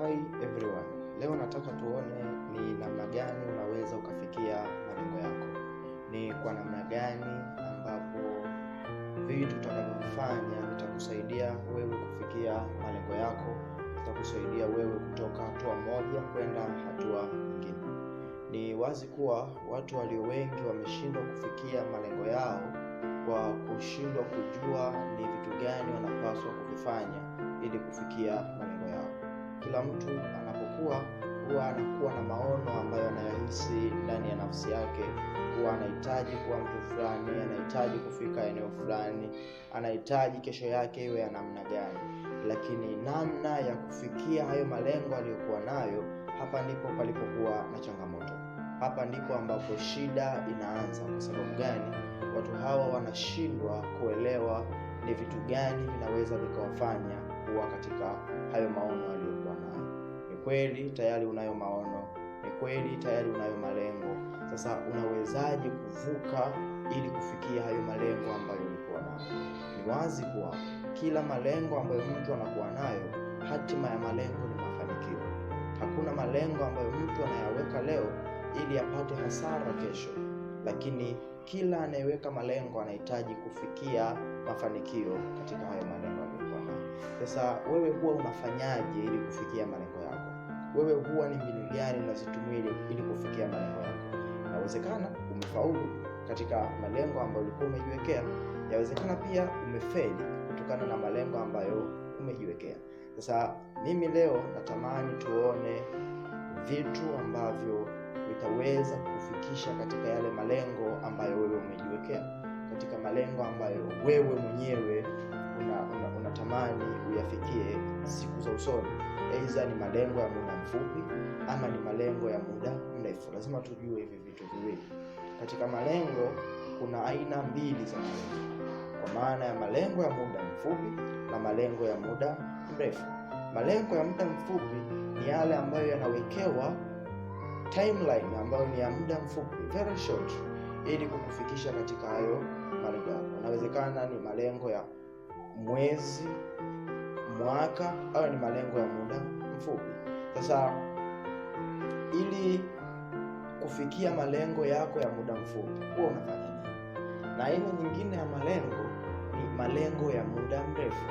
Hi everyone. Leo nataka tuone ni namna gani unaweza ukafikia malengo yako, ni kwa namna gani ambapo vitu utakavyofanya vitakusaidia wewe kufikia malengo yako, vitakusaidia wewe kutoka hatua moja kwenda hatua nyingine. Ni wazi kuwa watu walio wengi wameshindwa kufikia malengo yao kwa kushindwa kujua ni vitu gani wanapaswa kuvifanya ili kufikia malengo kila mtu anapokuwa huwa anakuwa na maono ambayo anayohisi ndani ya nafsi yake kuwa anahitaji kuwa mtu fulani, anahitaji kufika eneo fulani, anahitaji kesho yake iwe ya namna gani. Lakini namna ya kufikia hayo malengo aliyokuwa nayo, hapa ndipo palipokuwa na changamoto. Hapa ndipo ambapo shida inaanza. Kwa sababu gani? Watu hawa wanashindwa kuelewa ni vitu gani vinaweza vikawafanya kuwa katika hayo maono kweli tayari unayo maono, ni kweli tayari unayo malengo. Sasa unawezaje kuvuka ili kufikia hayo malengo ambayo ulikuwa nayo? Ni wazi kuwa kila malengo ambayo mtu anakuwa nayo, hatima ya malengo ni mafanikio. Hakuna malengo ambayo mtu anayaweka leo ili apate hasara kesho, lakini kila anayeweka malengo anahitaji kufikia mafanikio katika hayo malengo aliyokuwa nayo. Sasa wewe huwa unafanyaje ili kufikia malengo yako? wewe huwa ni mbinu gani unazitumia ili kufikia malengo yako. Inawezekana umefaulu katika malengo ambayo ulikuwa umejiwekea, yawezekana pia umefeli kutokana na malengo ambayo umejiwekea. Sasa mimi leo natamani tuone vitu ambavyo vitaweza kukufikisha katika yale malengo ambayo wewe umejiwekea, katika malengo ambayo wewe mwenyewe una, una unatamani uyafikie siku za usoni, aidha ni malengo ya muda mfupi ama ni malengo ya muda mrefu. Lazima tujue hivi vitu viwili. Katika malengo kuna aina mbili za malengo, kwa maana ya malengo ya muda mfupi na malengo ya muda mrefu. Malengo ya muda mfupi ni yale ambayo yanawekewa timeline ambayo ni ya muda mfupi, very short, ili kukufikisha katika hayo malengo yako. Inawezekana ni malengo ya mwezi, mwaka. Hayo ni malengo ya muda mfupi. Sasa ili kufikia malengo yako ya muda mfupi, huwa unafanya nini? Na aina nyingine ya malengo ni malengo ya muda mrefu.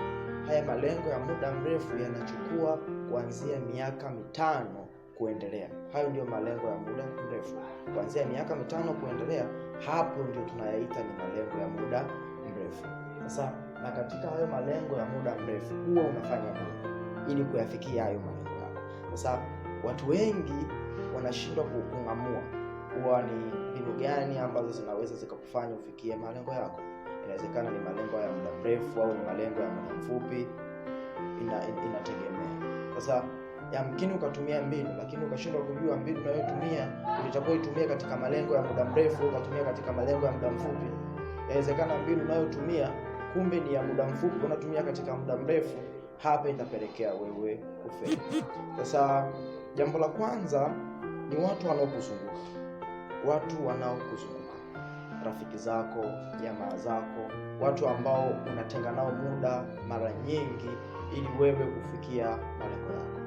Haya malengo ya muda mrefu yanachukua kuanzia miaka mitano kuendelea. Hayo ndiyo malengo ya muda mrefu, kuanzia miaka mitano kuendelea. Hapo ndio tunayaita ni malengo ya muda mrefu. Sasa na katika hayo malengo ya muda mrefu huwa unafanya nini ili kuyafikia hayo malengo yako. Sasa watu wengi wanashindwa kung'amua huwa ni mbinu gani ambazo zinaweza zikakufanya ufikie malengo yako. Inawezekana ni malengo ya muda mrefu au ni malengo ya muda mfupi, ina, inategemea. Sasa yamkini ukatumia mbinu lakini ukashindwa kujua mbinu unayotumia utakuwa itumia katika malengo ya muda mrefu, ukatumia katika malengo ya muda mfupi. Inawezekana mbinu unayotumia kumbe ni ya muda mfupi unatumia katika muda mrefu, hapa itapelekea wewe kufeli. Sasa jambo la kwanza ni watu wanaokuzunguka, watu wanaokuzunguka, rafiki zako, jamaa zako, watu ambao unatenga nao muda mara nyingi ili wewe kufikia malengo yako.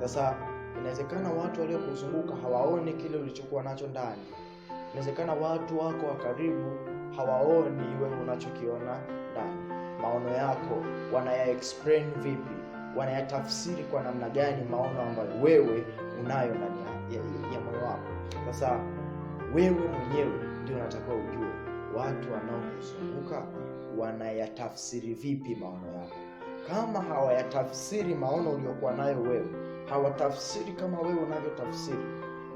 Sasa inawezekana watu waliokuzunguka hawaoni kile ulichokuwa nacho ndani. Inawezekana watu wako wa karibu hawaoni wewe unachokiona ndani. Maono yako wanayaexplain vipi? Wanayatafsiri kwa namna gani maono ambayo wewe unayo ndani ya, ya, ya moyo wako? Sasa wewe mwenyewe ndio unatakiwa ujue watu wanaokuzunguka wanayatafsiri vipi maono yako. Kama hawayatafsiri maono uliokuwa nayo wewe, hawatafsiri kama wewe unavyotafsiri,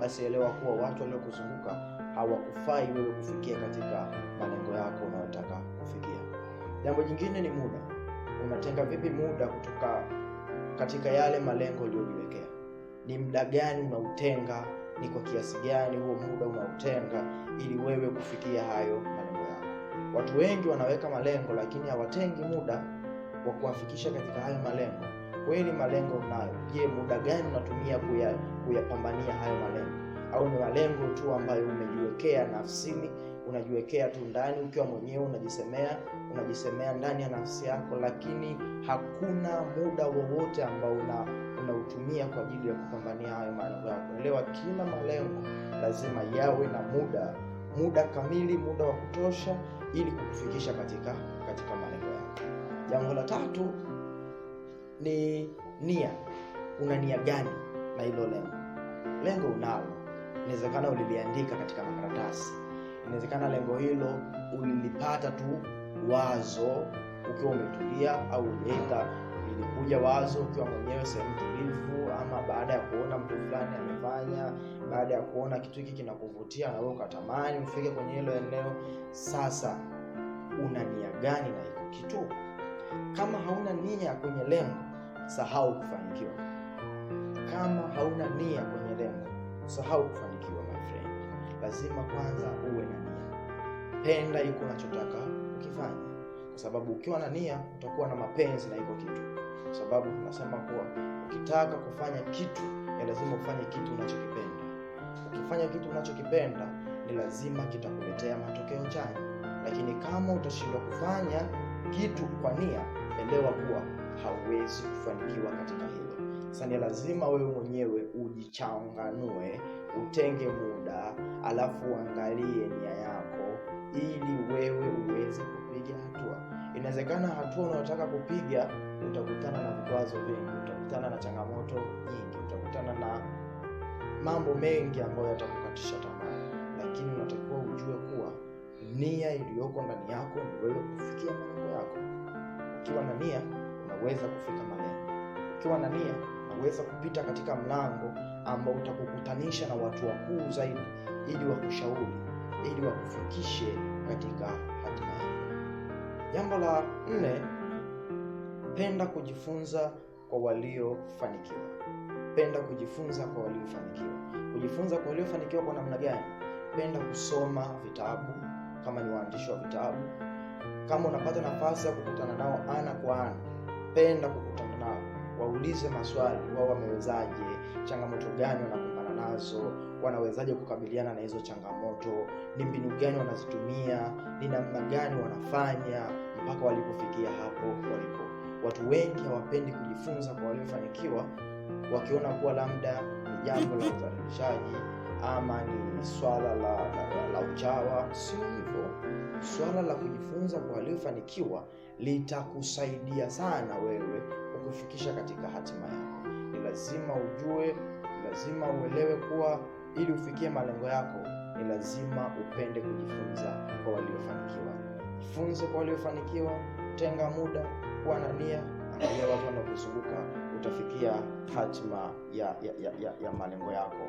basi elewa kuwa watu waliokuzunguka hawakufai wewe kufikia katika malengo yako unayotaka kufikia. Jambo jingine ni muda. Unatenga vipi muda kutoka katika yale malengo uliyojiwekea? Ni muda gani unautenga? Ni kwa kiasi gani huo muda unautenga ili wewe kufikia hayo malengo yako? Watu wengi wanaweka malengo lakini hawatengi muda wa kuwafikisha katika hayo malengo. Kweli malengo unayo, je, muda gani unatumia kuyapambania kuya hayo malengo? au ni malengo tu ambayo umejiwekea nafsini, unajiwekea tu ndani ukiwa mwenyewe, unajisemea unajisemea ndani ya nafsi yako, lakini hakuna muda wowote ambao una unautumia kwa ajili ya kupambania hayo malengo yako. Elewa, kila malengo lazima yawe na muda muda kamili, muda wa kutosha, ili kukufikisha katika katika malengo yako. Jambo la tatu ni nia. Una nia gani na hilo lengo? Lengo unalo inawezekana uliliandika katika makaratasi, inawezekana lengo hilo ulilipata tu wazo ukiwa umetulia, au eidha ilikuja wazo ukiwa mwenyewe sehemu tulivu, ama baada ya kuona mtu fulani amefanya, baada ya kuona kitu hiki kinakuvutia na wewe ukatamani ufike kwenye hilo eneo. Sasa una nia gani na hiko kitu? Kama hauna nia kwenye lengo, sahau kufanikiwa. Kama hauna nia kwenye usahau kufanikiwa my friend, lazima kwanza uwe na nia. Penda iko unachotaka ukifanya, kwa sababu ukiwa na nia utakuwa na mapenzi na iko kitu, kwa sababu tunasema kuwa ukitaka kufanya kitu ni lazima ufanye kitu unachokipenda. Ukifanya kitu unachokipenda ni lazima kitakuletea matokeo chanya, lakini kama utashindwa kufanya kitu kwa nia, elewa kuwa hauwezi kufanikiwa katika hilo. Sasa ni lazima wewe mwenyewe ujichanganue, utenge muda, alafu uangalie nia yako, ili wewe uweze kupiga hatua. Inawezekana hatua unayotaka kupiga utakutana na vikwazo vingi, utakutana na changamoto nyingi, utakutana na mambo mengi ambayo yatakukatisha tamaa, lakini unatakiwa ujue kuwa nia iliyoko ndani yako ni wewe kufikia malengo yako. Ukiwa na nia, unaweza kufika malengo. Ukiwa na nia kuweza kupita katika mlango ambao utakukutanisha na watu wakuu zaidi, ili wakushauri, ili wakufikishe katika hatima yako. Jambo la nne, penda kujifunza kwa waliofanikiwa. Penda kujifunza kwa waliofanikiwa. Kujifunza kwa waliofanikiwa kwa namna gani? Penda kusoma vitabu, kama ni waandishi wa vitabu, kama unapata nafasi ya kukutana nao ana kwa ana, penda kukutana waulize maswali, wao wamewezaje, changamoto gani wanakumbana nazo, wanawezaje kukabiliana na hizo changamoto, ni mbinu gani wanazitumia, ni namna gani wanafanya mpaka walipofikia hapo walipo. Watu wengi hawapendi kujifunza kwa waliofanikiwa, wakiona kuwa labda ni jambo la udhalilishaji ama ni swala la, la, la, la uchawa. Sio hivyo. Swala la kujifunza kwa waliofanikiwa litakusaidia sana wewe kukufikisha katika hatima yako. Ni lazima ujue, ni lazima uelewe kuwa ili ufikie malengo yako ni lazima upende kujifunza kwa waliofanikiwa. Jifunze kwa waliofanikiwa, tenga muda, kuwa na nia, angalia watu wanaokuzunguka, utafikia hatima ya, ya, ya, ya, ya malengo yako.